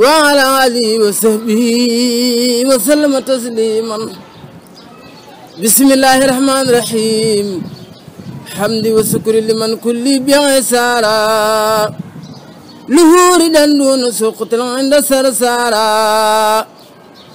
وعلى آله وصحبه وسلم تسليما بسم الله الرحمن الرحيم حمد وشكر لمن كل بعسارا لهور دون سقط عند سرسارا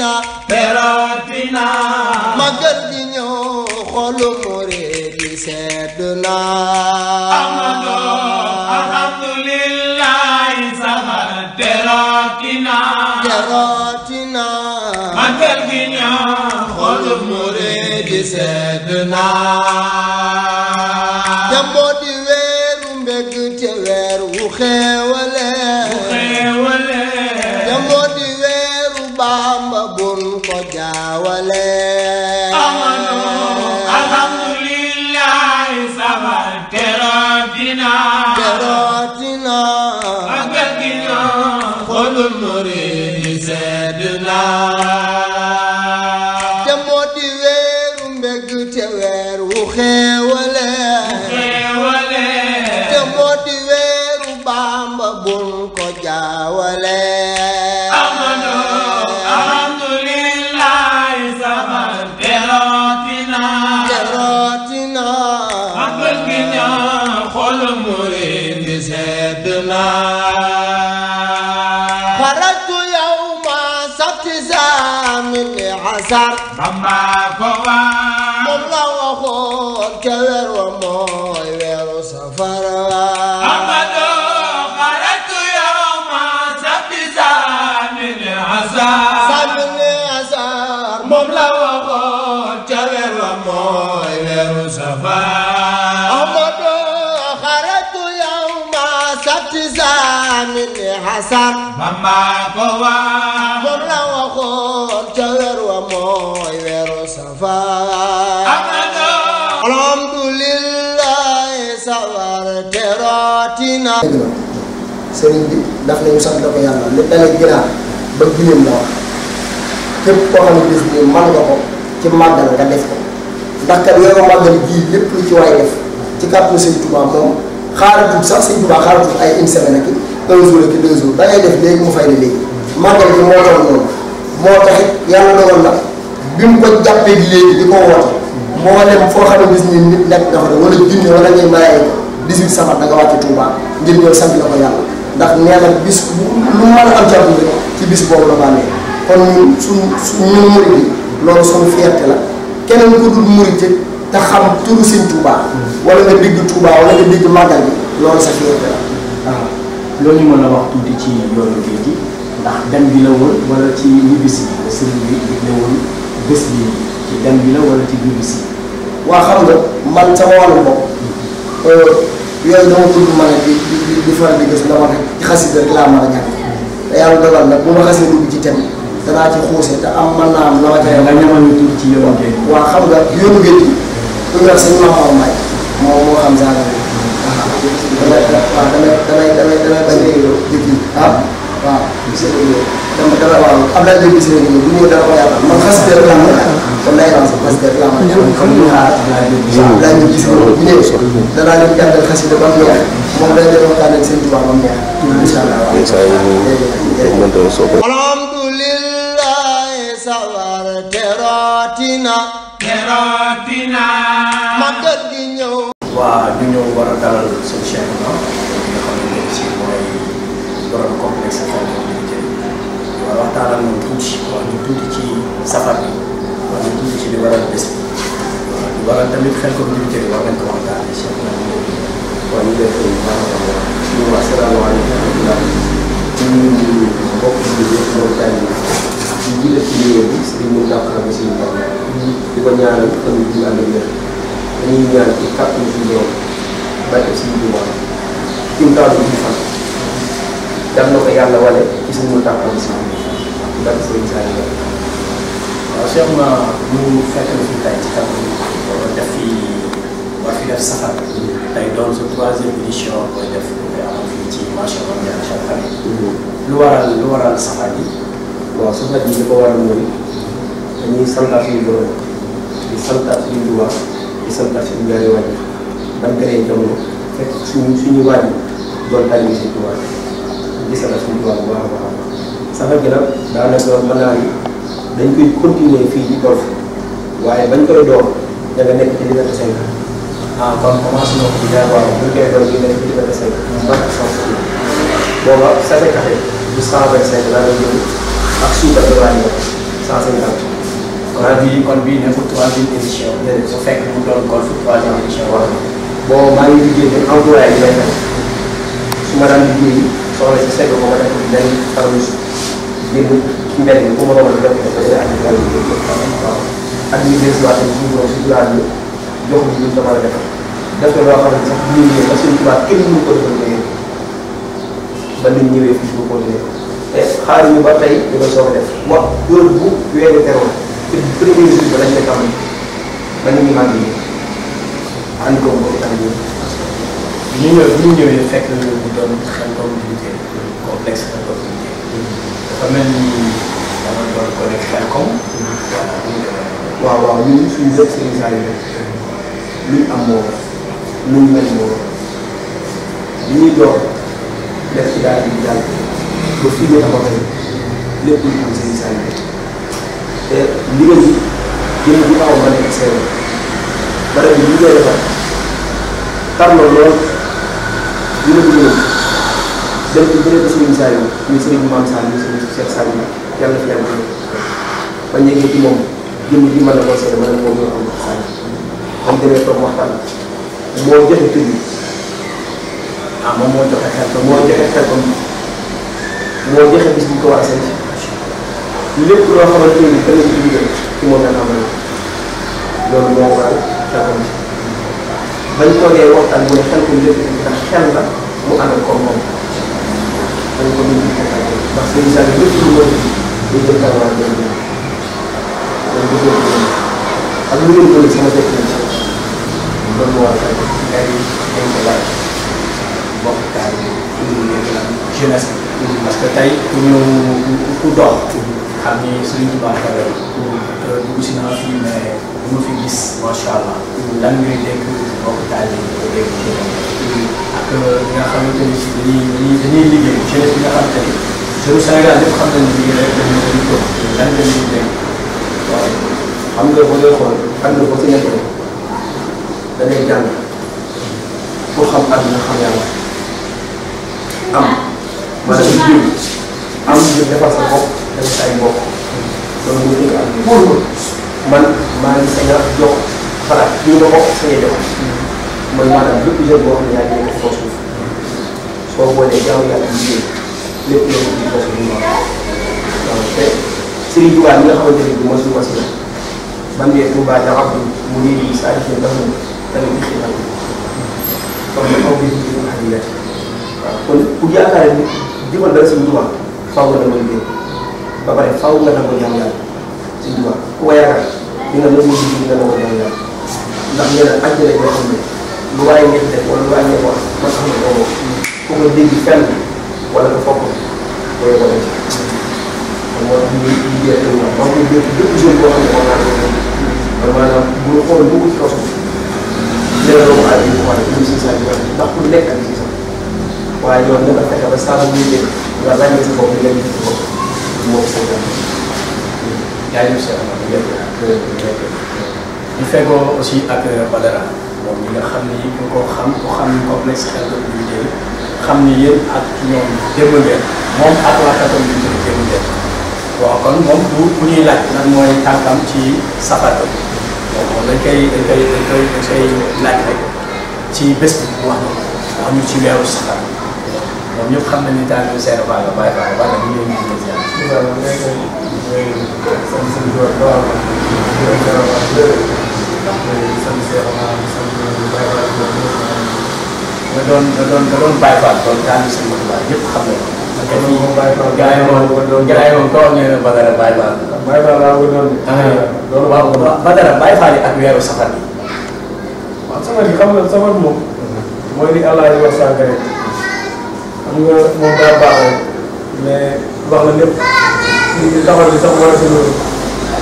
na teroti gi ñëw xolu murid yi sedd na boole Bakar. Bamba ko waral. moom la waxoon ke weer wa mooy weeru safar la. Amadou xaratu yow ma sabbi Samin Azar. Samin Azar. moom la waxoon ke weer wa mooy weeru safar. Amadou xaratu yow ma sabbi Samin Azar. Bamba ko waral. sëriñ bi daf nañu sant la yàlla li dalee ginaar ba gileem la wax képp koo xam ne bis bi mën nga ko ci màggal nga def ko ndax kat weeru màggal gii ci waay def ci kàttanu sëñ Tuubaa moom xaaratul sax sëñ Tuubaa xaaratul ay une semaine da ngay gi moo doon noonu moo taxit yàlla bi mu ko jàppee léegi di ko woote moo dem foo xam ne bis ni nekk dafa wala junne wala ngay maye ko 18 safar da nga wàcce Touba ngir ñëw sant la ko yàlla ndax nee na bis bu lu mën a am ci àdduna rek ci bis boobu la bànnee kon ñun suñ ñun murid yi loolu suñu fierté la keneen ku dul murid te xam turu sëñ Touba wala nga dégg Touba wala nga dégg màggal bi loolu sa fierté la ah. loolu ñu mën a wax tuuti ci yoonu géej gi ndax dem ci ñibbis bi bi la bi ci dem bi la wala ci ñibbis bi waa xam nga man sama wàllu bopp Euh, yooyu dama tudd ma ne di di di faral di gis dama ne rek laa mën a jàng te yàlla dogal nag bu ma dugg ci thème danaa ci xuuse te am mën naa am la nga ñamal ñu tudd ci yoonu géej waaw xam nga yoonu géej gi lu nga sëñ Mamadou Mbaye moo moo xam saara bi ah, waaw damay damay damay damay bañ a jëkki ah waaw donc dara waaw Abdoulaye Diop Bichri bu ñëw dara ko yaatal man xasida rek laa mën a kon lay lancé xasida rek laa mën a kon ñu xaar Abdoulaye Diop Bichri bu ñëwee danaa leen jàngal xasida ba mu neex moom day leen waxtaanal seen tubaab ba mu neex incha allah waaw alhamdulillah sawar terootina terootina màggat gi ñëw waa du ñëw war a dalal seen cheikh ah. nga xam ne si mooy borom complexe waxtaan ak moom tuuti wax ñu tuuti ci safar bi wax ñu tuuti ci li waral bés bi li waral tamit xel ko ñu jëri wax nañ ko waxtaane Cheikh na kon ñu def ñu wax salaamaaleykum wa rahmatulah ñu mbokk yi yëpp moom daal di jiital ci liggéey bi si mu dàq la ba suñu bopp di ko ñaanal fan bi ñu ànd ak wér dañuy ñaan ci kàttan suñu borom bàyyi suñu juma kim taalu bi fan yal na ko yàlla wale ci suñu mu tàkkoon si ndax sëriñ Saliou waaw Cheikh ma ñu fekk na fi tey ci kàddu def fi war fi def safar tey doon sa troisième édition koy def koy amal fii ci marché mondial chaque mm-hmm. lu waral lu waral safar bi waaw safar bi li ko waral mooy dañuy santaat suñu borom di santaat suñu duwaa di santaat suñu ñaari wàññi ban fekk suñu suñu wàññi doon tànn si duwaa gisal ak suñu tubaab bu baax a baax safar gi nag daanaka mën naa ni dañ koy continuer fii ci golf waaye bañ koy door da nga nekk ci liberté ah kon commencé na ko ci jaar waaw buñ koy door ñu nekk ci ak cent booba safar café bu cent ak bi kon bii su fekk mu doon golf booba maa ngi liggéey ne employé bi lay def su daan liggéey soxna si sëñ bi moom a def benn faru bi ci mbedd mi bu ma doon def ko dina am ak ñu des waat ci ñu si plan bi jox ñu ñu dama la def def ko loo xam ne sax bu ñu ñëwee ba suñu tubaab kenn mënu ko defal léegi ba nit ñëwee fii bu continuer te xaar ñu ba tey ñu ko soog a def wax loolu bu weeru teroon ci premier jour ba lañ ko tàmm ba nit ñi màgg yi ànd ko mu ko tàmm ñu ñëw ñu ñëwee fekk nañu bu doon xel comme complexe la ko indi. mel ni dama doon ko nekk Khelcom. waaw waaw ñun suñu def seen isaani rek luñ am moo luñ mel moo li ñuy door def ci daal di jàll ba fii ñu taxaw tey lépp luñ am seen isaani rek te liggéey bi jëm bu taxaw ba nekk dem ci jëlee ko Serigne Saliou muy Serigne Mame Saliou muy Serigne Cheikh Saliou yàlla na fi yàlla bañ a yëg ci moom jëmm ji mën na ko seede mën na moom ñoo am Saliou moom demee toog waxtaan moo joxe tur bi ah moom moo joxe xel ko moo joxe xel ko moo joxe bis bu ko war a sant lépp loo xamante ni danañ ci dugal ci moom la amal loolu moo waral xel ko bañ toogee waxtaan mu ne xel ko lépp ndax xel la mu àndal ko moom. dañ ko dindi ndax seen saal yëpp lu ko dañ koy tawaar dañ koy dañ koy jël ak lu ngeen bëri sama tekki lañ soxla loolu moo waral ay ay mbalaay bokk taal yi indi leen la jeunesse parce que tey ku ñëw ku dox xam ni suñu tubaab xarala dugg si naa fi mais bu ma fi gis macha allah lan ngay dégg bokk taal yi dégg ci nga xamante ni si dañuy dañuy liggéey jeunesse bi nga xamante ni jeune Sénégal lépp xam nañ ne liggéey rek dañu ko liggéey lan la ñuy dégg waaw xam nga boo koy xool xam nga boo ci nekkee da ngay jàng pour xam àdduna xam yàlla am maanaam jiw am jiw defal sa bopp defal sa ay mbokk loolu mooy dëgg am pour man maa ngi sañ a jox xalaat kii nga bokk sañ a jox mooy maanaam lépp jeune boo xam ne yaa ngi nekk foofu soo boolee jaamu yàlla liggéey lépp lépp ci foofu bi waaw te Serigne Touba mi nga xamante ne bii mooy suñu wasila man de Touba Diakhoum mu ngi gis àll bi ndax moom tamit gis nañ ko comme dafa am des fois wax dëgg yàlla waaw kon ku yaakaar ni jëfal dara Serigne Touba faaw nga demal liggéey ba pare faaw nga demal jaamu yàlla Serigne Touba ku ko yaakaar di nga nangu liggéey di nga nangu jaamu yàlla ndax nee na àjjana joo xam ne lu waay ngeen def wala lu waay ngeen wax man xam nga boobu ku nga dégg fenn wala nga foog mooy wala ci. kon moo tax ñuy ñuy jeexal ñoom maa ngi koy bépp zone boo xam ne war naa doon kon maanaam bu ñu xool bëgg ci kaw suuf dina doomu aay bi ñu xool ñu si saa yu ndax ku nekk ak si sax waaye yoon na nga fexe ba saa muy dégg nga ràññee sa bopp nga gis sa bopp moo ko soog a am. yaa ngi ñu seetlu ak yëpp ak yëpp. di feggoo aussi ak Badara. moom ñi nga xam ne yi ko xam ku xam ni complexe xel ko ñu jël xam ni yéen ak moom ak waxatam ñu jël kon moom bu bu ñuy laaj lan mooy tànkam ci safara bi moom moom dañ koy dañ koy dañ koy dañ koy laaj ci bés bi bu wax ci weeru safara moom ñëpp xam nañu daal di seer baax la bàyyi baax la baax la ñu ngi leen di sëñ Cheikh maanaam sëñ Baye Fall nga doon nga doon nga doon Baye Fall kon daanaka sëñ Baye ñëpp xam nañ ko. te fii gars yi moom gars yi moom toog nañu ne Badara Baye Fall. Baye Fall laa bëgg doon. loolu waaw Badara Baye Fall yi ak weeru safar yi. waaw safar yi xam nga safar moom. mooy li allah di wax sànq rek. xam nga moom daa baaxoo. mais wax la lépp. nit ñi safar bi sax war a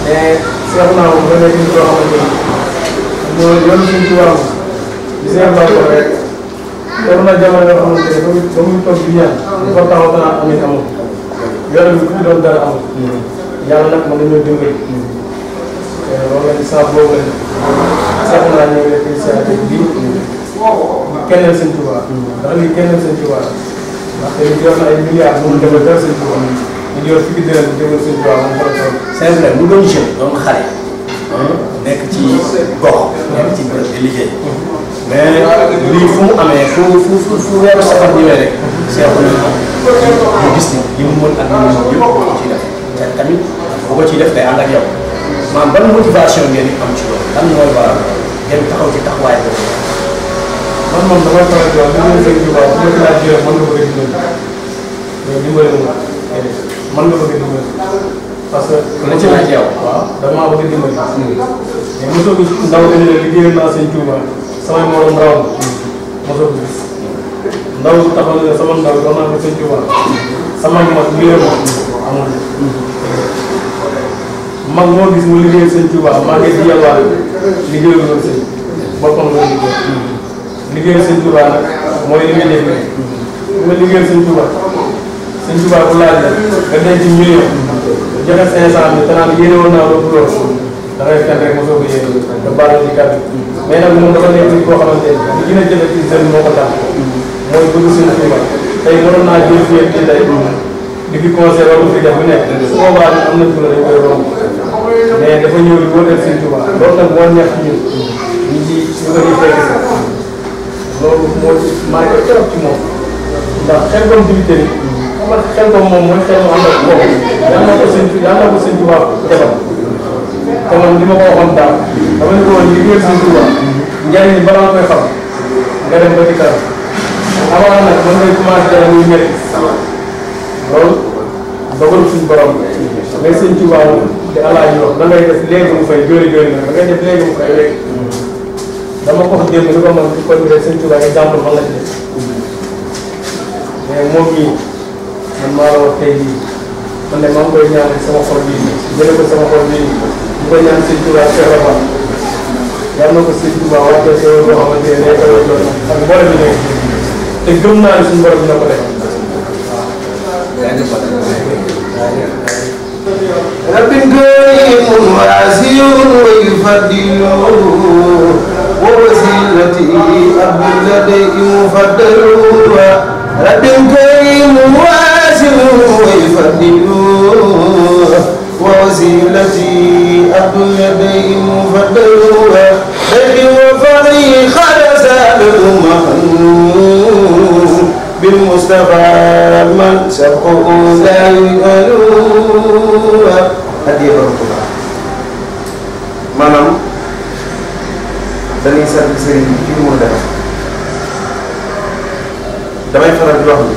mais seetlu naa moom ba léegi ñu ko xamante ni. loolu yoonu suñ ci wàllu li si ànd ak loolu rek yor na jamono yoo xamante ne ba muy ba muy toog di ñaan. di ko taxaw danaa amit amul. yor bi ku ci doon dara amul. yàlla nag mën nañoo dimbali. Eh, loolu la ci saaf boobu la ñu. sax naa ñëw rek initiative bii. keneen seen tubaab. ndax lii keneen seen tubaab. ndax dañu yor na ay milliards moom demal dara seen tubaab. ñu yor fukki dërëm demal seen tubaab moom par rapport. c'est vrai mu doon jeune doon xale. Hmm? nekk ci gox nekk ci bërëb di liggéey mais lii fu mu amee fu fu fu fu weeru safar ñëwee rek seexul ñu gis ni li mu mën ak li mu mën yëpp ko ciy def te tamit bu ko ciy def day ànd ak yow maanaam ban motivation ngeen am ci loolu lan mooy waral ngeen taxaw ci taxawaay boobu man moom damay faral di wax bu ma fekk baax bu ma laaj yow mën nga ko gën a dimbali mais dimbali moom mën nga ko gën a dimbali parce que. na ci laaj yow. waaw damaa bëgg dimbali. mais mosoo ko ndaw dañ ne liggéeyal naa sëñ Tuuba samay morom raw na mosoo ko gis ndaw taxaw na sama ndaw doon naa ko sëñ Tuuba sama mag liggéeyal ma amul. mag moo gis mu liggéeyal sëñ Tuuba maa ngi ci yàlla liggéeyal loolu sëñ boppam la liggéey liggéeyal sëñ Tuuba nag mooy li nga dégg nga liggéeyal sëñ Tuuba sëñ Tuuba bu laaj la nga denc million joxe 500 bi te naan yéene woon naa loolu da ngay fen rek mosoo ko yéene te baal ci kàddu mais nag moom dafa nekk koo xamante ni dina jëfe ci seen moo ko tax mooy bëgg suñu climat tey mënoon naa jël fii ak tey di fi conseil wala fi def lu nekk su boobaa am na tur dañ koy romb mais dafa ñëw di wóor ak seen tubaab loolu nag moo neex ci ñun ñu ci ñu ko ñuy fekk sax loolu moo marqué trop ci moom ndax xel comme man xel ko moom mooy xel mu ànd ak moom yal na ko sëñ yal na ko sëñ Tuubaa defal te man li ma ko waxoon daal dama ne ko woon liggéeyal sëñ Tuubaa njëriñ li balaa koy xam nga dem ba ci kanam avant nag mën ngay commencé dara muy métti loolu dogal suñu borom mais sëñ Tuubaa te alaaji wax da ngay def léegi mu fay jóori jóori na da ngay def léegi mu fay léegi dama ko wax démb ni ko man ko ñu def sëñ Tuubaa nga jàmbur man la ci def mais moom mii man maa la wax tey jii man de maa ngi koy ñaan sama xol bii jële ko sama xol bii bu ko ñaan sëñ Touba Cheikh Rafa yal na ko sëñ Touba wàccee sa yoo xamante ne day koy doon ak borom bi nekk te gëm naa ne suñu borom dina ko def رب كريم واسع ويفضل ووسيلتي أبو لدي مفضل رب كريم واسع يعزلوا ويفضلوا ووسيلتي أبو يدي مفضلوا خير وفري خلص الأمم بالمصطفى من سبقه لا يقالوا هدي ربنا maanaam dañuy sant sëriñ bi kii moo dara damay faral di wax ni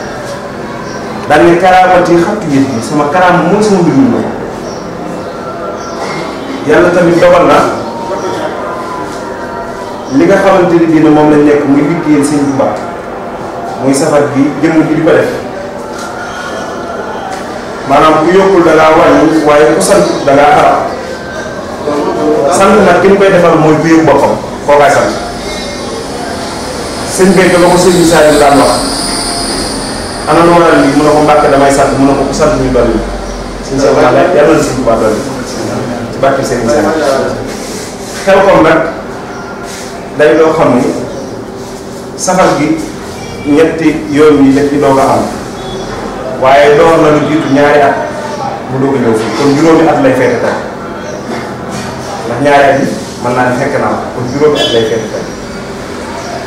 daal ne karaamati xattu yëf yi sama karaama mooy sama mbir mi yàlla tamit dogal na li nga xamante ni bii moom lañ nekk muy liggéeyal seen Tuubaa muy safar bi jëmm ji di ko def maanaam ku yokkul da ngaa wàññi waaye ku sant da ngaa xaram sant nag ki ñu koy defal mooy ku yëg boppam koo kaay sant sëñ béykat la ko sëñ bi saa daan wax. ana loo waral lii mu ne ko mbàkke damay sant mu ne ko ku sant muy dolli suñ seen yàlla yàlla na suñ tubaa dolli ci barke seen seen xew kon nag day loo xam ni safar gi ñetti yoon yi def ci doog a am waaye door na lu jiitu ñaari at mu doog a ñëw fii at lay feete tey ndax ñaari at yi mën naa ne naa ko kon at lay feete tey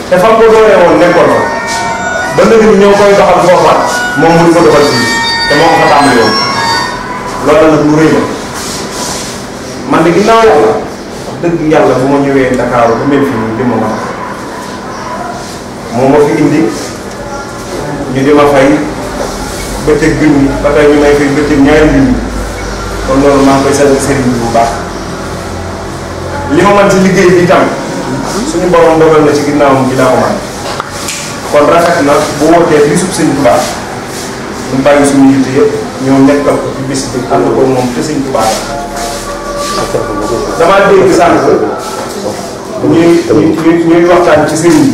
te fan ko dooree woon nekkoon ba koy doxal foofa moom mënu ko doxal fii man bu ma ñëwee Dakar ba mel fii nii li moom ma fi indi ñu di ma fay bëccëg bi ba tey ñu may fay bëccëg ñaari bi mu loolu maa koy sant sëriñ bu baax li ma mën ci liggéey bi tam suñu borom dogal na ci ginnaawam gi laa ko mën kon rafet na bu wootee bisub sëñ Tuubaa ñu bàyyi suñu yitte yëpp ñoo nekkal ko ci bis bi ànd ko moom te sëñ Tuubaa damaa dégg sànq ñuy ñuy ñuy waxtaan ci sëriñ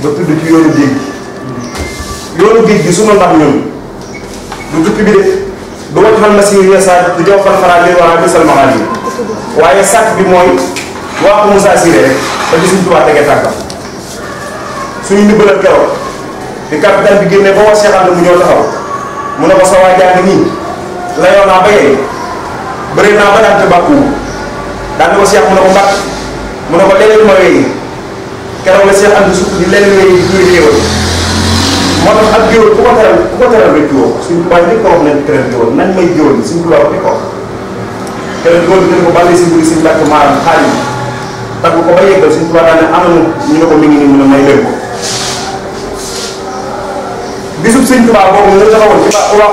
bi ba tudd ci yoonu géej gi yoonu géej gi ma ndax ñun du tukki bi de du wàcc fan na si yeesaat di jox fan faral di wax ak yi waaye sàkk bi mooy wax ko Moussa Siré rek ba di suñ Tuubaa tege suñu ndimbalal keroog bi capital bi génnee ba ma seexal mu ñëw taxaw mu ne ko sa waa jàng nii layoon ba yee bëri naa ba daan te bàkkuwu daan ko seex mu ne ko mbàkk mu ne ko leneen ma wéy keroog la seex andi suuf di leneen ak géewal ku ko teral ku ko teral rek ko suñu tubaab bi ko wax teral ko bàllee si buri suñu mbàkk maaram xaalis tagg ko ba yeggal suñu tubaab daan ne am na ñu ne ko mi ngi nii mu ne may leen bisub sëñ Tuubaa boobu ñu taxawoon ci wax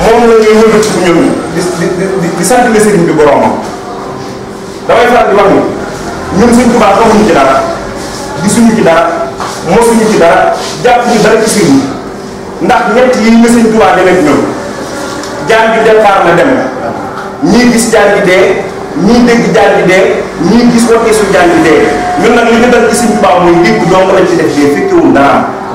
Moussa di di di sant le sëriñ bi di wax ni ñun dara gisuñu ci ndax ñett yi la sëñ Tuubaa demee ñoom jaan bi départ na dem ñii gis jaan bi dee ñii dégg jaan bi dee gis waxee su jaan bi dee ñun nag li ñu def ci suñu baax mooy dégg dong lañ ci def dee fekkiwul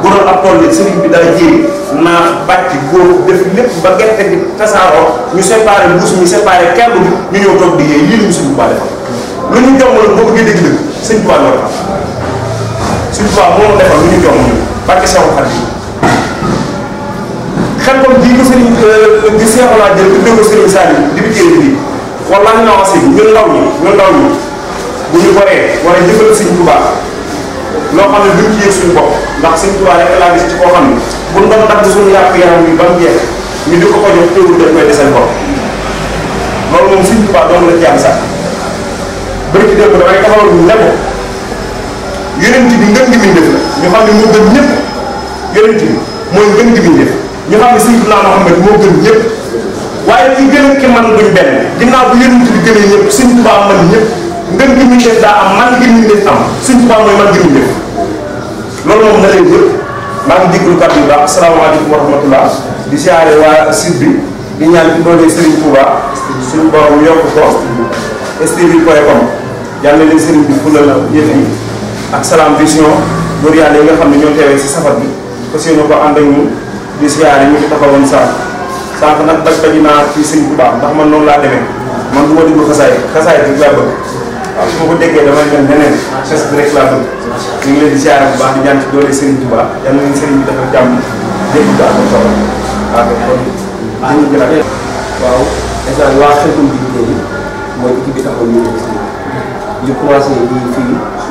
bu doon ab tool bi sëriñ bi dara jéem naax bàcc góor def lépp ba gerte gi tasaaroo ñu séparé mbuus ñu séparé kàddu bi ñu ñëw toog liggéey lii la ñu suñu baax defal lu ñu jom la boo bëggee dégg dëgg sëñ Tuubaa ñoo tax lu ñu jom ñu barke sew xat yi xel comme jii ko sëriñ euh, di seexalaa jël di déglu sëriñ Saliou di bi téere bi wallahi na aussi ñun ndaw ñi ñun ndaw ñi bu ñu waree war a jëfal sëñ Tuubaa loo xam ne duñ ci yëg suñu bopp ndax sëñ Tuubaa rek laa gis ci koo xam ne bu ñu doon dagg suñu yàpp yaram yi ba mu jeex ñu di ko ko jox teewul koy desal bopp loolu moom sëñ Tuubaa doon la jaam sax bëri ci démb damay taxawal ñu ne ko yonent bi ngën gi mbindéef la ñu xam ne moo gën ñëpp yonent bi ñu xam ne sëñ Tuubaa Muhammad moo gën ñëpp waaye lii gën a ki man duñ benn ginnaaw bu yonent bi gënee ñëpp Sëñ Tuubaa man ñëpp ngën gi ñu def daa am man gi ñu def am Sëñ Tuubaa mooy man gi ñu def loolu moom na leen jël maa ngi diglu kàddu yi baax asalaamaaleykum wa rahmatullah di waa sud bi di ñaan ci doole Serigne Touba suñu borom yokk ko yàlla yi nga xam ne si safar bi fas yéene ko ànd ak ñun di siyaare ñu ko taxawoon saa sànq nag daj ko naa ci sëñ baax ndax man noonu laa demee man du ma déglu xasaay xasaay bi laa bëgg waaw ma ko déggee damay mel neneen chasse bi rek laa bëgg ñu ngi leen di siyaare bu baax di ñaan ci doole sëriñ bu baax yal nañu sëriñ bi defal jàmm dégg waa xelkom bi liggéey bi mooy équipe di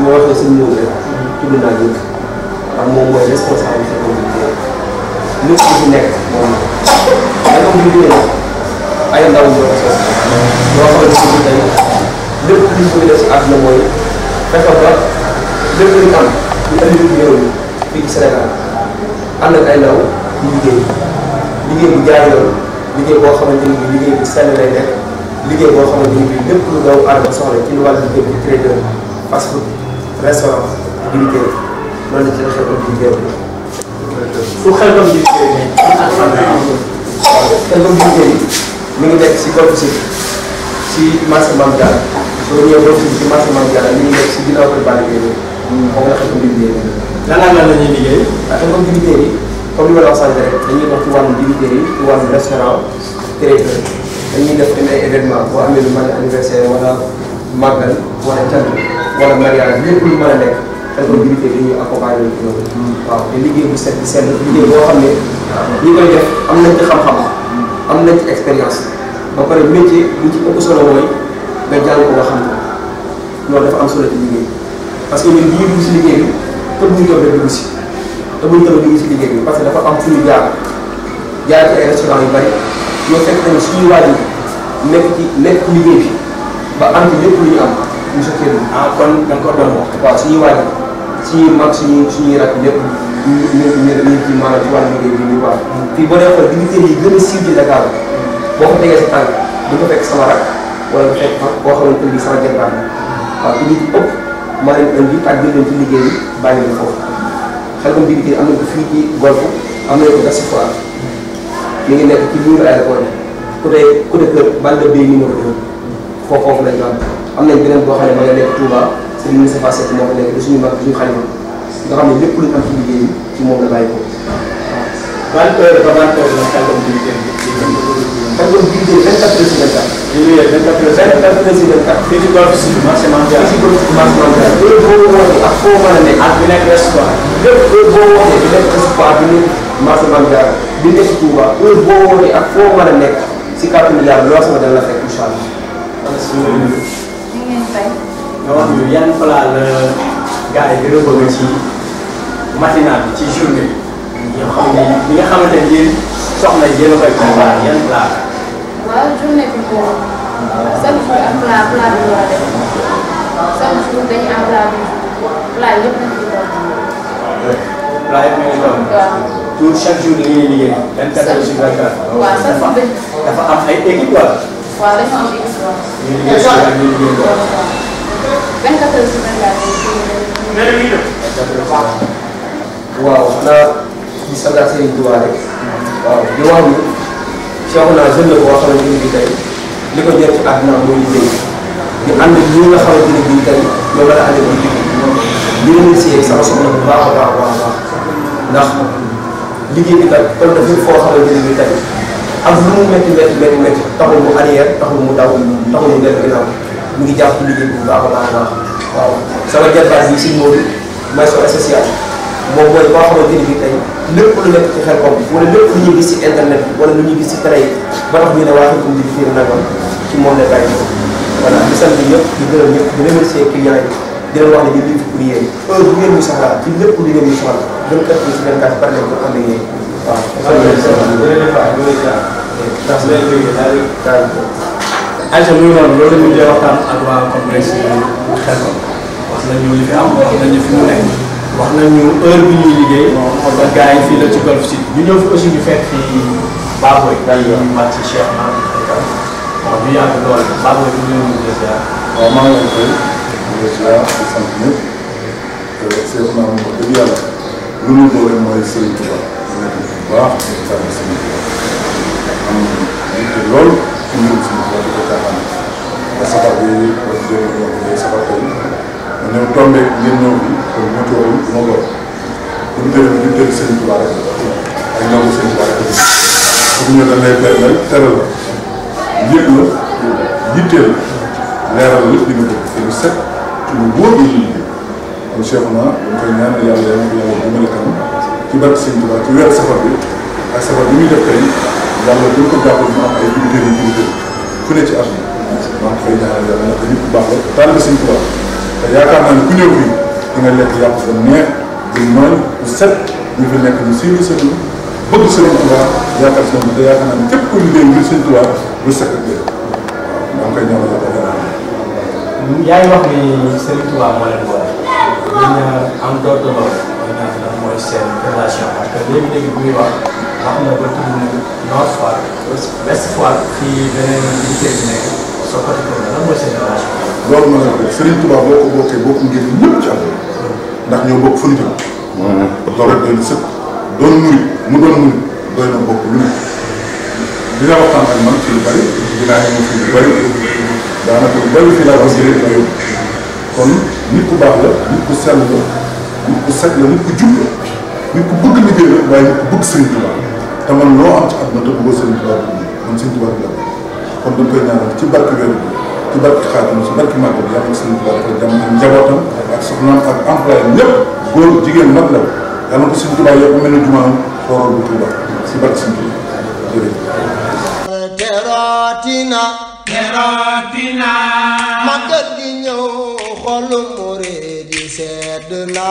ma waxee sëñ ñëw rek tudd naa nekk moom la. waaye moom li ñu ay ndaw ñoo ko sos ñoo xamante ni tey lépp li ñu def si àdduna mooy fexe ba lépp lu am ñu andi lu ñu fii ci Sénégal ànd ak ay ndaw ñu liggéey liggéey bu jaar liggéey boo xamante ni liggéey bu sell lay nekk liggéey boo xamante ni lépp lu daw ànd ak soxla ci lu wàllu liggéey bi traiteur fast restaurant di liggéey loolu la ci la xel di liggéey su xel doon di liggéey kenn ko gisee nii mi ngi nekk si golf si si marché Mame Diarra soo ñëwee golf si marché Mame Diarra mi ngi nekk si ginnaaw kër Balla Gaye moom la xam ne liggéey ma la wax sànq rek dañuy wax ci wàllu liggéey yi ci wàllu restaurant traiteur dañuy anniversaire wala màggal wala cant wala mariage lépp lu mën a nekk. intégrité bi ñuy accompagner loolu. waaw te liggéey bu set bi seen liggéey boo xam ne ñi koy def am nañ ci xam-xam am nañ ci expérience ba ci ëpp solo mooy ko nga xam ko loolu dafa am parce que ñun li ñu dugg si liggéey bi comme ñu doon dugg si te buñ doon dugg si liggéey bi parce que dafa am fu ñu jaar jaar ci ay restaurant yu bari ñoo fekk tamit suñu waajur nekk ci nekk liggéey bi ba am ci lépp lu ñu am ñu sokkee ah kon suñuy mag suñuy suñuy rakk lépp ñu ñu ñu ñu ci maanaam ci wàllu liggéey bi ñu baax. fii boo dee xool dignitaires yi gën a siiw ci Dakar boo ko tegee sa tànk du ko fekk sama rakk wala nga fekk fan boo xamante ni sama jëmbaar la waaw te ñi ci ëpp maa leen indi ak biir leen ci liggéey bi bàyyi leen foofu xel comme dignitaires am nañ ko fii ci golf am nañ ko gasi fois mi ngi nekk ci biir aéroport ku dee ku dee kër bande bay numéro deux foofu foofu lañ am am nañ beneen boo xam ne ma nga nekk Touba sëñ Moustapha Seck moo ko nekk di suñu mag suñu xalifa nga xam ne lépp luñ am ci liggéey ci moom la bàyyi ko. waaw ban heure ba ban heure la tàggoog bi ñu tàggoog bi ñu vingt quatre heures sur vingt quatre. ñu ngi vingt quatre heures vingt quatre heures sur vingt quatre. fii ci golf sud marché mondial. fii ci golf sud marché mondial. heure boo wootee ak foo mën a nekk. ak bi nekk espoir. lépp heure boo wootee bi nekk espoir bi nekk marché mondial bi nekk Touba heure boo wootee ak foo mën a nekk si kàttanu yàlla loo sama dana la fekk incha allah. nga wax ñu yan plat la gars yi gën a bëgg ci matinale bi ci journée bi yoo xam ne ñi nga xamante ne yéen soxna yéen a koy préparé yan plat la. waaw journée bi moom chaque jour am plat plat bi war a def chaque jour dañuy am plat bi plat yëpp nañu ko doon. plat yëpp nañu ko doon. waaw. tout chaque jour li ñuy liggéey. chaque jour 24 heures sur 24. waaw dafa dafa am ay équipe wala. waaw dafa am équipe. ñu liggéey ak ñu liggéey 24 heures semaine laa koy. waaw xanaa di sant Serigne Touba rek. waaw di wax ni Cheikh naa jeune la boo xamante ni bii tey li ko jot ci àdduna mooy liggéey di ànd ak ñi nga xamante ni bii tey ñoom la la ànd ak di liggéey sama soxna bu baax a baax a baax ndax liggéey bi kat toll na fi foo xamante ni bii tey ak lu mu métti métti métti métti taxul mu arrière taxul mu daw taxul mu dellu ginnaaw mu ngi jàpp liggéey bu baax a baax a baax waaw sama jarbaat bi si Modou mooy son association moom mooy koo xamante ni bii tey lépp lu nekk ci xel xom wala lépp lu ñu gis ci internet bi wala lu ñu gis ci télé yi ba tax ñu ne waa xel xom bi fii nangam ci moom la bàyyi ko voilà di sant ñëpp di gërëm ñëpp di remercier client yi di leen wax ne di liggéey pour yéen heure bu ngeen ñu soxlaa ci lépp lu ngeen ñu soxla 24 heures sur 24 par exemple am na yéen waaw. Aïcha muy noonu loolu la ñu jël waxtaan am wax nañu fi mu nekk wax nañu heure bi liggéey ba gars yi fii la ci Golf Sud ñu ñëw fi aussi ñu fekk fii Baboy dañuy màcc Cheikh Mahi waaw ñu yàgg lool Baboy bi ñu ngi des yàlla. waaw maa ngi leen di gërëm di sant ñëpp Cheikh Mahi wax dëgg yàlla lu mu doole mooy Serigne Touba nekk bu baax di tànn Serigne Touba am lool ci ñun moo di ko caaxaan te safar bi ba ci démb ñoo ko jëlee safar tey ñu ñëw tombé ngeen ñëw bi pour ñu tuur moo gën bu ñu jëlee ñu jël seen tubaab rek ak ñoom seen tubaab rek pour ñu dañ lay teral teral la yëg la yitteel leeral lépp dina ko te lu set te lu wóor la ñuy liggéey kon Cheikh Ouna dañ koy ñaan yàlla yàlla dimbali kanam ci barke seen tubaab ci weer safar bi ak safar bi muy def tey yàlla duñ ko gàppal mu am ay unité yu fu ne ci àdduna maa ngi koy ñaanal yàlla nag dañu ko baax rek daal di suñu tubaab te yaakaar naa ne ku ñëw fii di nga lekk yàpp sa neex di nooy bu set ñu fi nekk ñu siiw sëñ bëgg sëriñ tubaab yaakaar si moom te yaakaar naa ne képp ku liggéey ngir sëriñ tubaab lu set ak dee maa ngi koy ñaanal yàlla yaa ngi wax ni sëriñ tubaab moo leen boole ñu am door de loolu mooy seen relation parce que léegi-léegi bu ñuy wax wax na ba tudd Nord Westfoire fii beneen ministère bi nekk soo ko defee lan mooy boo ko bokkee ñëpp ci hmm. ndax ñoo bokk fu hmm. ñu doon murit mu doon murit doy na bokk lu ne dina waxtaan man ci lu bari daanaka lu bari fi laa ko jëlee kon nit ku baax la nit ku sell la nit ku set nit ku bëgg liggéey la waaye nit ku bëgg Serigne Touba. te man loo am ci àdduna te bëggoo Sëriñ Tuubaa man Sëriñ Tuubaa bi la kon dañ koy ñaanal ci barke wér bi ci barke xaatim ci barke màggal yàlla na Sëriñ Tuubaa dafa jàmm ak njabootam ak soxnaam ak employé ñëpp góor jigéen mag la yàlla na ko Sëriñ Tuubaa yokk mel ni jumaam xoolal bu Tuuba si barke Sëriñ Tuubaa jërëjëf teraatina teraatina màggal gi ñëw xolu murid yi sedd la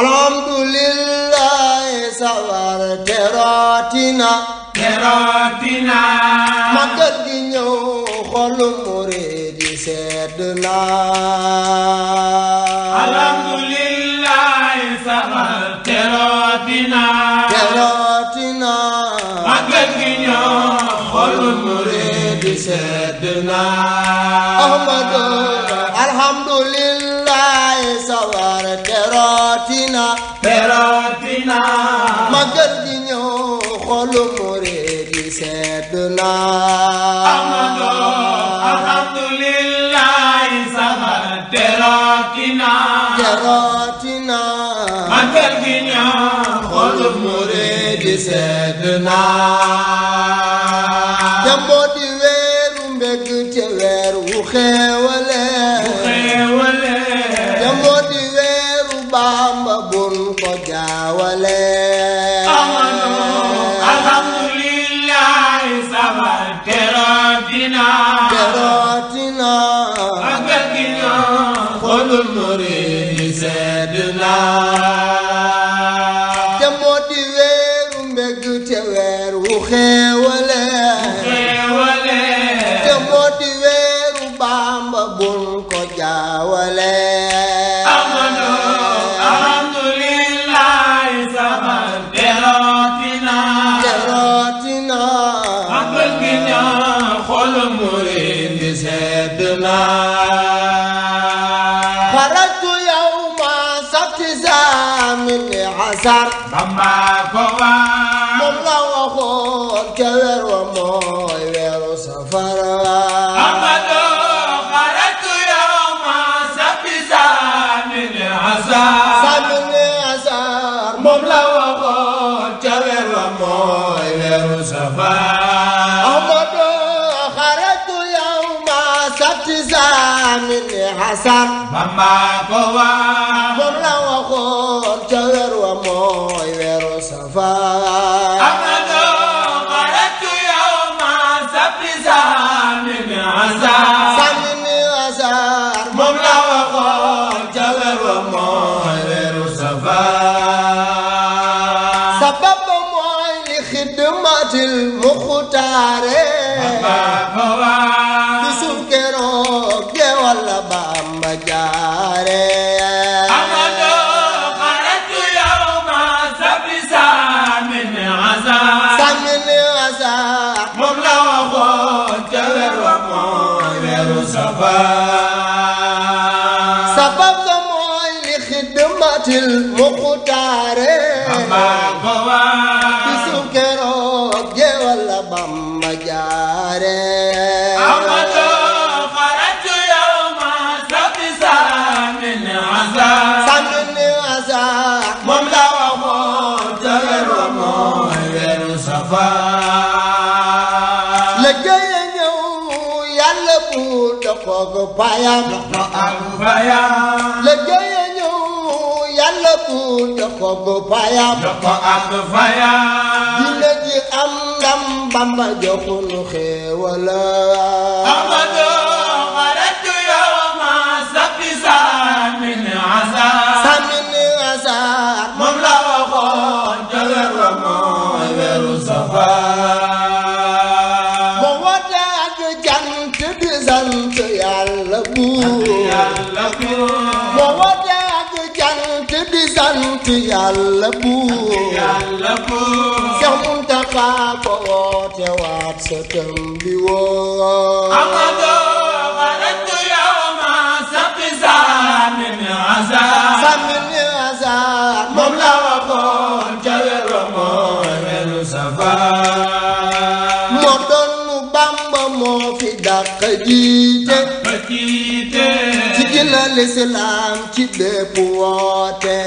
alhamdulillahi sawar terootina terootina magal gi ñëw xolu murid yi sedd na alhamdulillahi sawar terootina terootina magal gi ñëw xolu murid yi sedd na ahmadu tina teratina magal gi ñëw xolu murid yi sedd na amado alhamdulillahi sama teratina teratina magal gi ñëw xolu murid yi sedd na weeru safar amado xaratu yow ma sabti saamin xasan bamba ko waa moom la waxoon ca weer wa mooy weeru safar payam jox ko am payam la jëye ñëw yàlla buur jox ko bu payam jox ko am payam dina ji am ndam bamba joxunu xéewala amado xaratu yawma sabi samin asa samin asa moom la waxoon jóge ko mooy weeru safar sant yàlla buur Seex Muntaxa ko woote waat sa tëm bi woo amado xarajtu yawma sabti saamin azab saamin azab moom la waxoon ca weeru mooy weeru safar moo doon mu Bàmba moo fi dàq jiite ci gën a lislaam ci bépp woote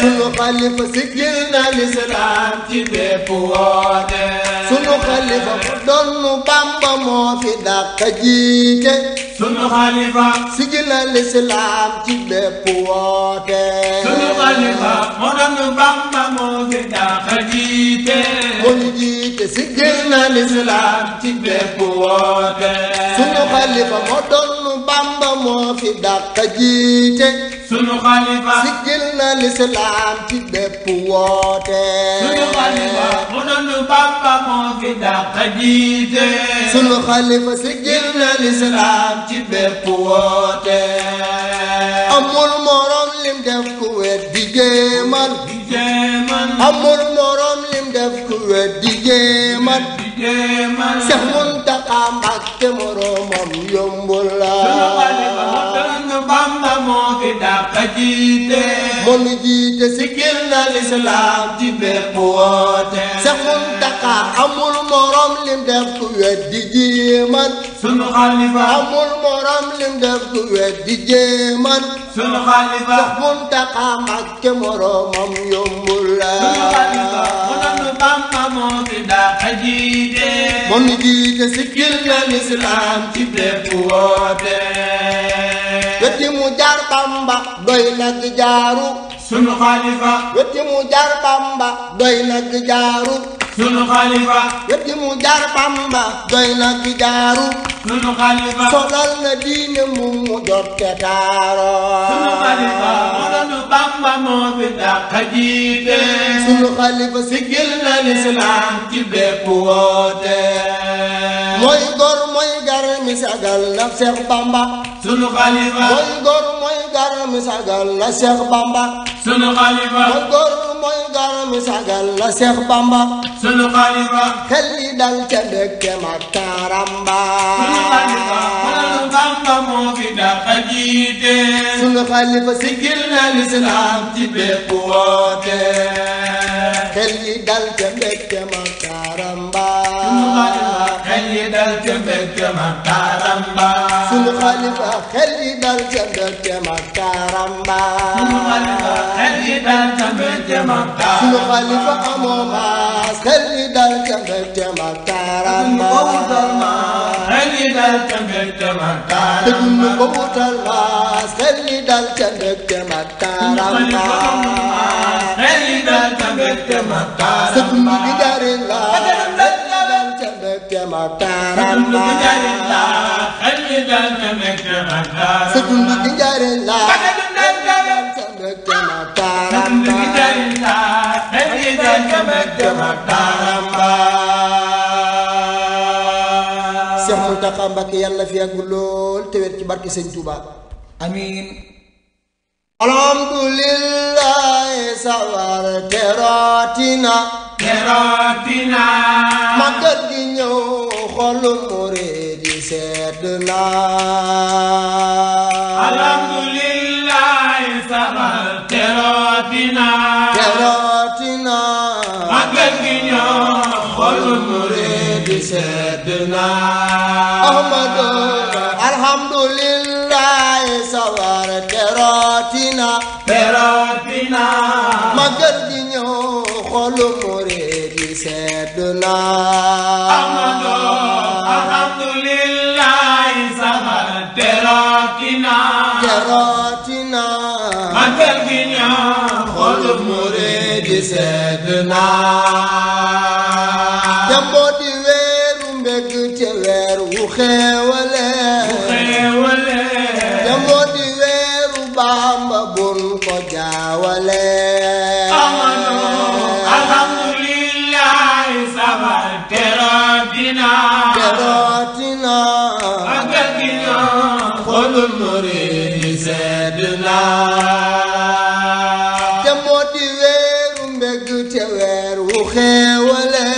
sunu xalifa siggil na lislaam ci bépp woote sunu xalifa donnu bamba moo fi dàq jiite sunu xalifa siggil na lislaam ci bépp woote sunu xalifa moo donnu bamba moo fi dàq jiite kon jiite siggil na lislaam ci bépp woote sunu xalifa moo donnu moo fi dàq jiite sunu xalifa siggil na lislaam ci bépp woote sunu ci bépp woote amul morom lim def ku wet di amul morom lim def ku wet di jéemal Seex Muntaxa Mbàkke moom mi jiite sikkil na lislaam ci bépp woote Seex Muntaxa amul morom lim def ku weddi jéeman sunu xalifa amul morom lim def ku weddi jéeman sunu xalifa Seex Muntaxa Mbàkke moromam yombul la sunu xalifa mu nanu Bamba moo fi dàq jiite moom mi jiite sikkil na lislaam ci bépp woote weti mu jar Bamba doy nag jaaru sunu xalifa weti mu jar Bamba doy nag jaaru sunu xalifa weti mu jar Bamba doy nag jaaru sunu xalifa sonal na diine mu mu jot te taaro sunu xalifa mënanu Bamba moo fi dàq jiite sunu xalifa sigil na lislaam ci bépp woote mooy góor mooy gar mi sagal na Seex Bamba sunu xalifa mooy góor mooy gar mi sagal na Seex Bamba sunu xalifa mooy góor mooy gar mi sagal na Seex Bamba sunu xalifa xel yi dal ca dëkke Makaramba sunu xalifa sunu Bamba moo fi dafa jiite sunu xalifa sikkil na lislaam ci bépp woote xel yi dal ca dëkke Makaramba dal te mbégte ma karamba. sunu xalifa xel yi dal te mbégte ma karamba. sunu xalifa xel yi dal te mbégte ma karamba. sunu xalifa amoo maas xel yi dal te mbégte ma karamba. sunu ko wutal maas xel yi dal te mbégte ma karamba. te sunu ko wutal maas xel yi dal te mbégte ma karamba. xel yi dal te mbégte ma karamba. te sunu bi jaaree laa. Mata dund gi njariñ la xel fi yàgg lool ci barke Sëñ Touba amiin alhamdulillahi sawar terootina terootina màggal gi ñëw xolu murid yi sedd na alhamdulillahi sabal terootina terootina magal gi ñoo xolu murid yi sedd na bi sedd naa te di weeru mbég te wu xeewale te moo di weeru Bàmba bun ko jaawale alhamdulillahi sabal terootina terootina ak gi ñoo xolul murid sedd naa ca weer wu xeewale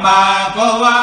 ma ko wa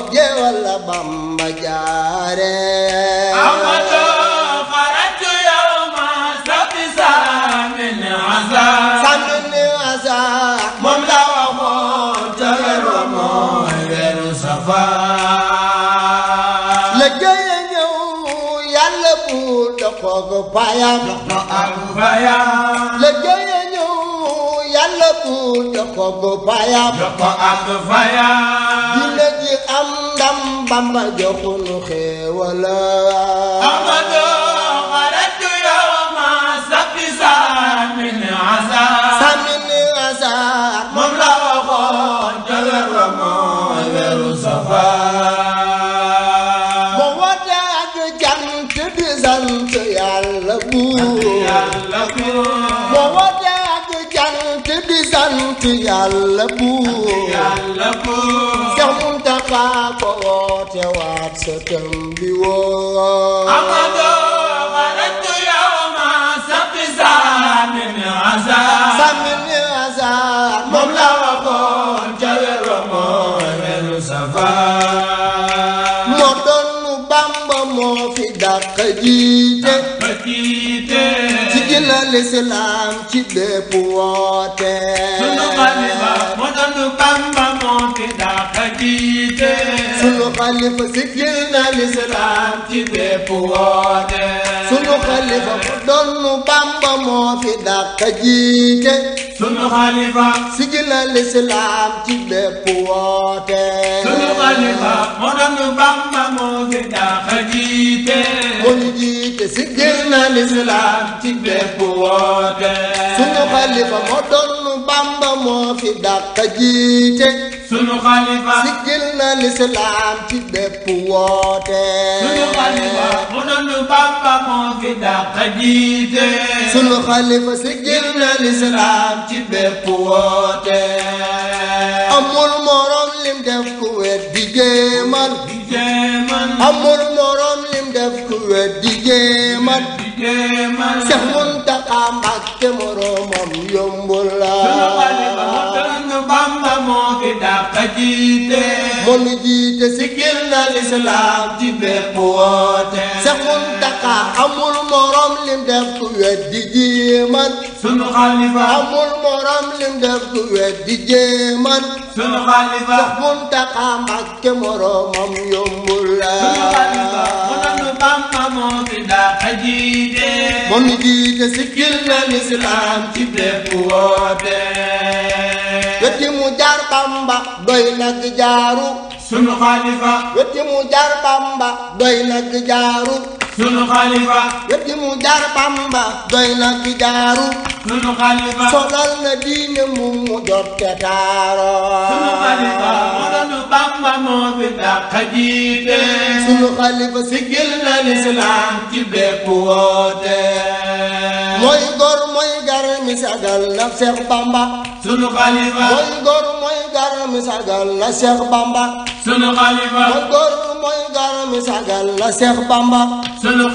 Jóob jeewal la Bamba jaare amado xaratu yawma sabti saa min asa samini asa moom la waxoon ca weer wa mooy weeru safar la jëye ñëw yàlla bu doxoog payam doxoog payam la jëye ñëw yàlla bu doxoog payam doxoog payam Bamba joxunu xéewala amado xaratu yawma safi samin asa samin asa moom la waxoon ca weer la mooy weeru safar mo woote ak cant di sant yàlla buur yàlla buur mo woote ak cant di sant yàlla buur yàlla buur teewaat sa tëm bi woo Amadou waratu yow ma sappi sàmmi ni asaar sàmmi ni asaar moom la waxoon ca weeru moo weeru safar moo doon nu Bàmba moo fi dàq jiite dàq jiite ci gila lislaam ci woote xalifa siggil na bamba moo fi jiite sunu xalifa siggil bamba moo fi jiite sunu xalifa siggil na lislaam ci bépp woote. sunu xalifa mu doon Bamba moo ci bépp woote. amul morom lim def ku wet di jéemal. amul morom lim def ku wet di jéemal. di jéemal Seex Muntaxa Mbàkke moroomam yombul moo fi dàq jiite moo nu jiite sikkil na lislaam ci bépp woote Seexul Muntaxa amul morom lim def ku weddi jéeman sunu xalifa amul morom lim def ku weddi jéeman sunu xalifa Seex Muntaxa Mbàkke moromam yombul la sunu xalifa mu nanu Bamba moo fi dàq jiite moo nu jiite sikkil na weti mu jaar Bamba doy nag jaaru sunu xalifa weti mu jaar Bamba doy nag jaaru sunu xalifa weti mu jaar Bamba doy nag jaaru sunu xalifa solal na diine mu mu jotte taaro sunu xalifa modanu Bamba moo fi dàq jiite sunu xalifa sigil na lislaam ci bépp woote mooy góor mooy mi xalifa mooy góor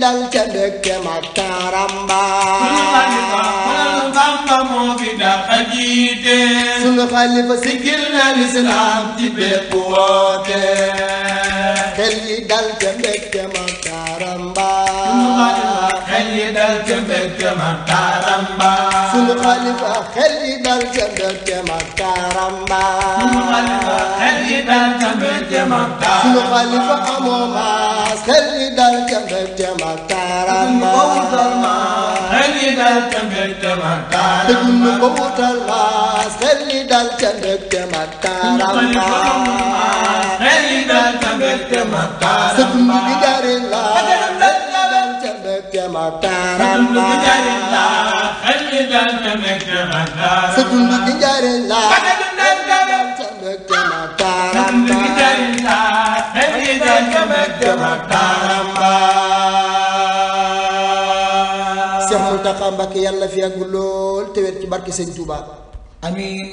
dal ca dëkke Makaramba sunu dal ca dëkke dal ca mbégte ma karamba. sunu xalifa xel yi dal ca mbégte ma karamba. sunu xalifa xel yi dal ca mbégte ma karamba. sunu xalifa amoo maas xel yi dal ca mbégte ma karamba. sunu ko wutal maas xel yi dal ca mbégte ma karamba. te sunu ko wutal maas xel yi dal ca mbégte ma karamba. xel yi dal ca mbégte ma karamba. te sunu bi jaaree laa. Mata dund gi njariñ la xel fi yàgg lool barke Sëñ Tuuba amiin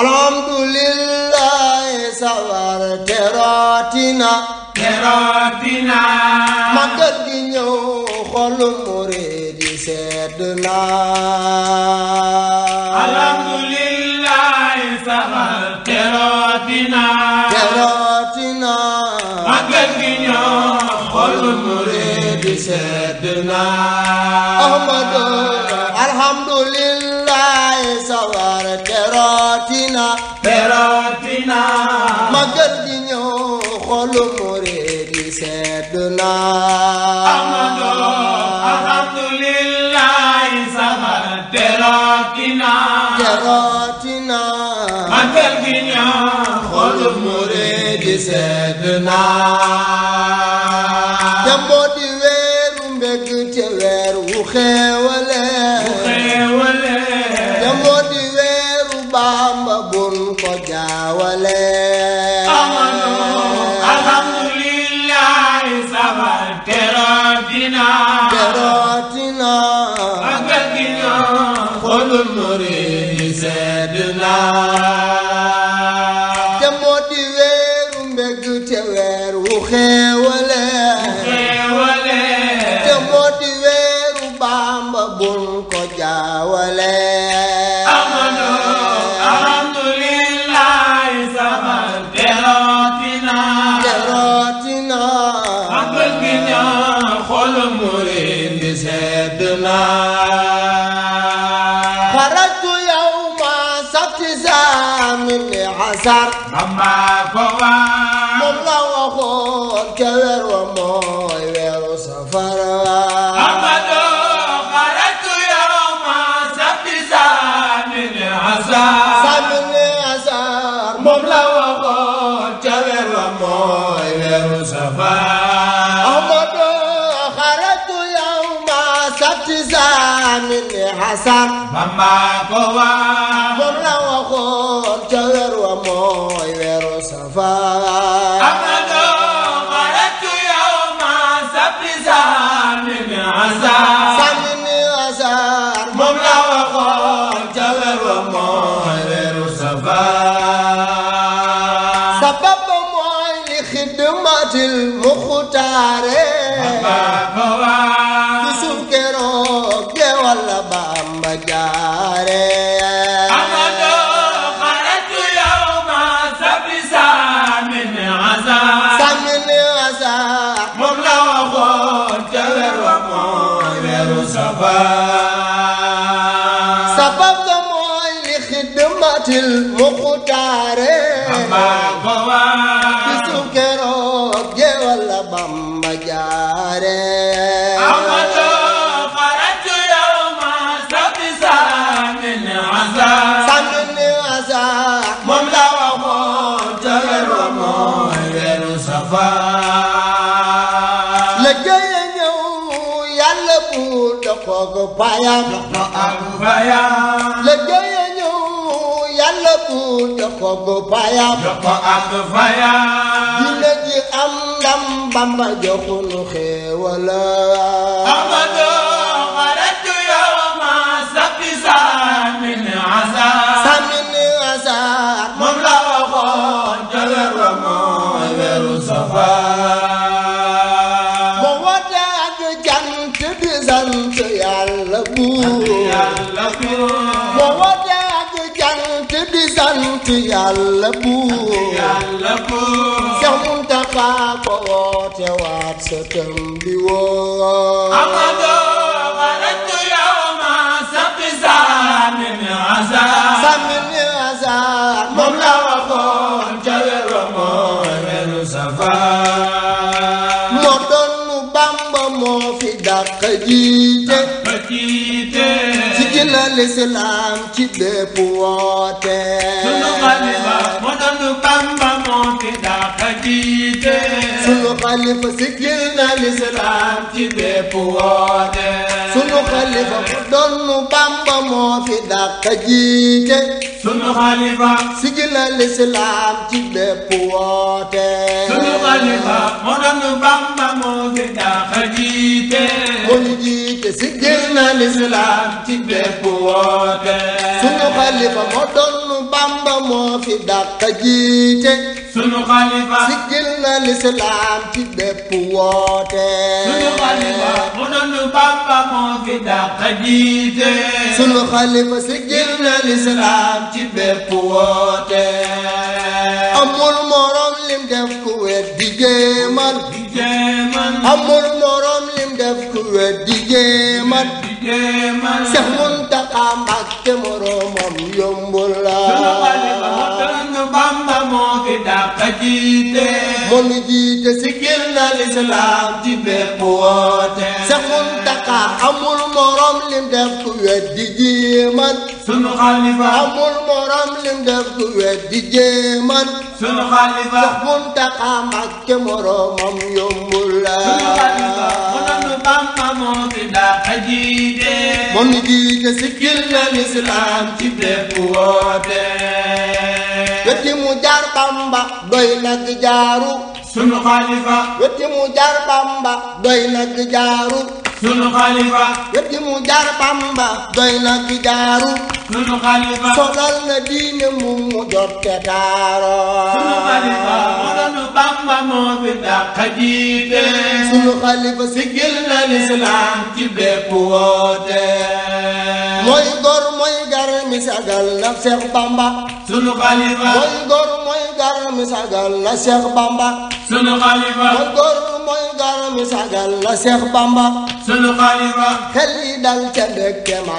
alhamdulillahi sawar terootina terootina màggal gi ñëw xolu murid yi sedd na alhamdulillahi sama terootina terootina magal gi ñoo xolu murid yi sedd na ahmadu alhamdulillahi sawar terootina terootina magal gi ñoo xolu murid yi sedd na Seydina Assane. Bamba ko waa. moom la waxoon ca weer wa mooy weeru safar. ñaan jox ko alu fayam liggéey ñëw yàlla buur jox ko bu fayam jox ko alu fayam dina ji am ndam bamba joxunu xéewala sant yàlla buur Seex Muntaxa ko woote waat sa tëm bi woo amadoo xarajtu yawma sabti sàmmi mi azaan sàmmi mi azaan moom la waxoon ca weeru mooy weeru safar moo doon nu Bàmba moo fi dàq jiite ci la lislaam ci bépp woote xalifa sikkil na lislaam ci bépp woote sunu xalifa ku donnu bamba moo fi dàq jiite sunu xalifa sikkil na lislaam ci bépp woote sunu xalifa mu donnu bamba moo fi dàq jiite mu jiite sikkil na lislaam ci bépp woote sunu xalifa mu donnu bamba moo fi dàq jiite xalifa siggil na lislaam ci bépp ci bépp woote amul morom lim def ku di jéemal amul morom lim def ku di jéemal Bamba Mbàkke moroomam yombul la Bamba moo fi dàq jiite moom jiite sikkil na lislaam ci bépp woote Seexul Muntaxa amul morom lim def ku weddi jéemat sunu xalifa amul morom lim def ku weddi jéemat sunu xalifa Seex Muntaxa Mbàkke moroomam yombul la Bamba moo fi dàq moom mi jiite sikkil na lislaam ci bépp woote. gët yi mu Bamba doy nag jaaru. sunu xalifa wet yi mu jaar bamba doy nag jaaru jaaru sunu xalifa solal na diine mu mu jotte taaro sunu xalifa solal bamba moo fi dàq jiite sunu xalifa gor mooy mi sagal xalifa mooy góor mooy gar mi sagal na Seex Bamba sunu xalifa mooy góor mooy gar mi sagal na Seex Bamba sunu xalifa xel yi dal ca dëkk ma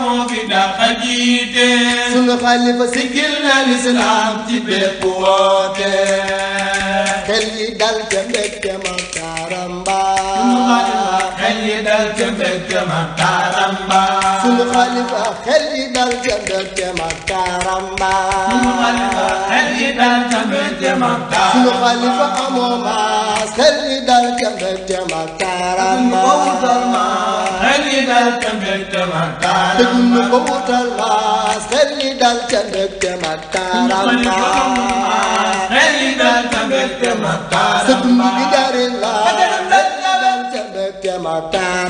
moo fi dàq jiite xalifa sikkil na lislaam ci bépp woote xel yi dal ca dëkk ma dal ca mbégg ma karamba. sunu xalifa xel yi dal ca mbégg ma karamba. sunu xalifa xel yi dal ca mbégg ma karamba. sunu xalifa amoo maas xel yi dal ca mbégg ma karamba. sunu ko wutal maas xel yi dal ca mbégg ma karamba. te sunu ko wutal maas xel yi dal ca mbégg ma karamba. sunu xalifa amoo maas xel yi dal ca mbégg ma karamba.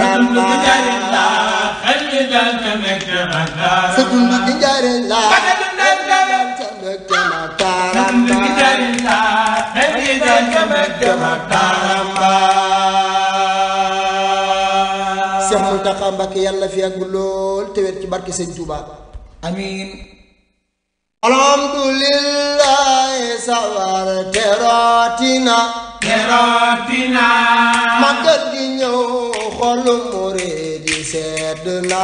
dund gi njariñ la xel mi fi yàgg lool barke Sëñ Tuuba. amiin. alhamdulillahi sawar terootina. terootina. xolu murid yi sedd na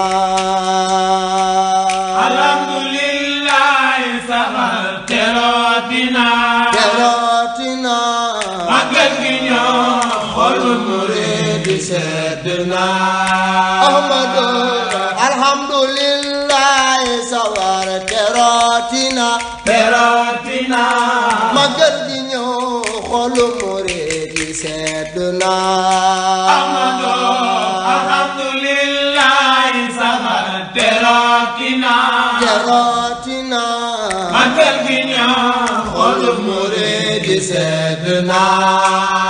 alhamdulillahi saxal rawatina magal gi ñaa xolum murid di sedd naa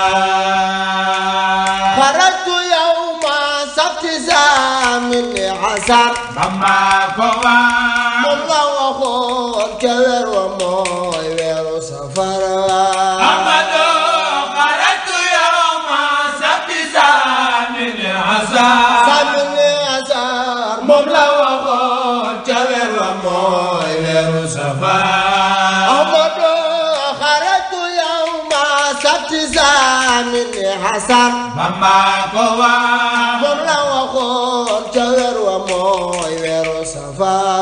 Bakar. Bamba ko waral. moom la waxoon ca weer wa mooy weeru safar. Amadou xaratu yow ma sabti samin asar. samin asar. moom la waxoon ca weer wa mooy weeru safar. Amadou xaratu yow ma sabti samin asar. Bamba ko waral. Mustafa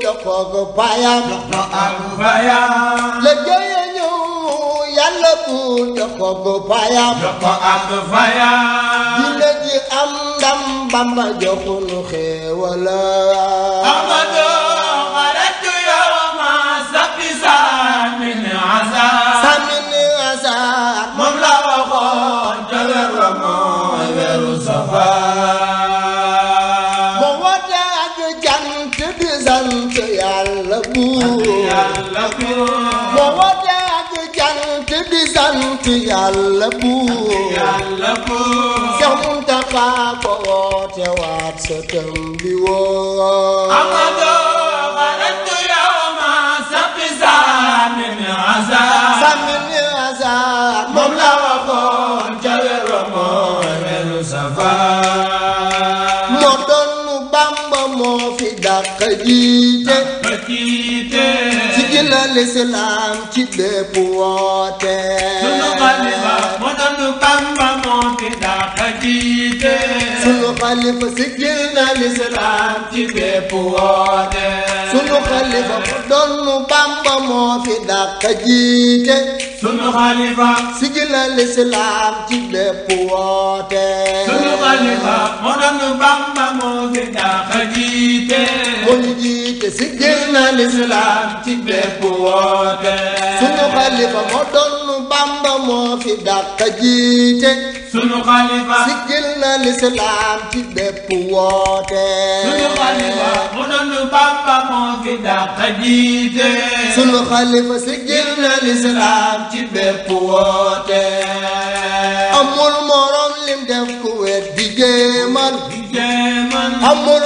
te foogu payam te foogu payam liggéey ñëw yàlla buur te foogu payam te foogu payam dina ji am ndam Bamba joxunu xéewala ci yàlla buur Seex Muntaxa ko woote waat sa tëm bi woo Amadu xarajtu yawma sabti saa min azab saa min azab moom la waxoon ca weeru mooy weeru Safar moo doon Bamba moo fi dàq jiite ci la lislaam ci ci bépp woote sunu xalifa doon nu ci bépp woote te siggil na lislaam ci bépp woote sunu xalifa moo doon Bamba moo fi dàq jiite sunu xalifa siggil na lislaam ci bépp woote sunu xalifa moo doon Bamba moo fi dàq jiite sunu xalifa siggil na lislaam ci bépp woote amul morom lim def ku wet di jéemal amul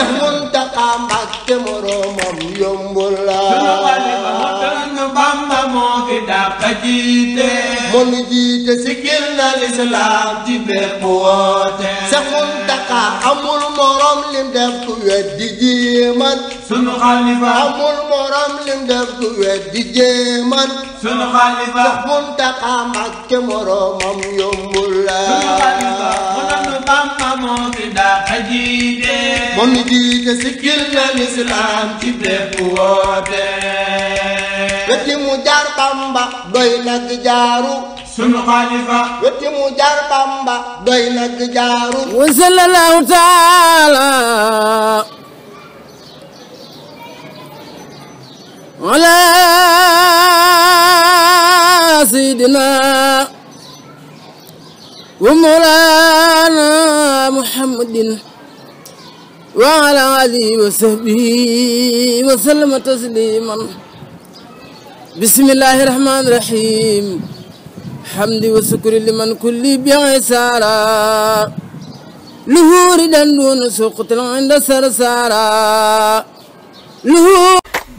Seex Muntaxa Mbàkke moroomam yombul la sunu xalifa mu doon Bamba moo fi dàq jiite moo nu jiite sikkil na lislaam ci bépp woote Seex Muntaxa amul moroom lim def ku weddi jéemat sunu xalifa amul moroom lim def ku weddi jéemat sunu xalifa Seex Muntaxa Mbàkke moroomam yombul la sunu xalifa mu doon Bamba moo fi dàq jiite moom mi jiite sikkil na lislaam ci bépp woote weti mu jaar Bamba doy nag jaaru sunu xalifa weti mu jaar Bamba doy nag jaaru wa sallallahu taala ala muhammadin وعلى آله وصحبه وسلم تسليما بسم الله الرحمن الرحيم حمد وشكر لمن كل بعسارا لهور دندون سقط عند سرسارا لهور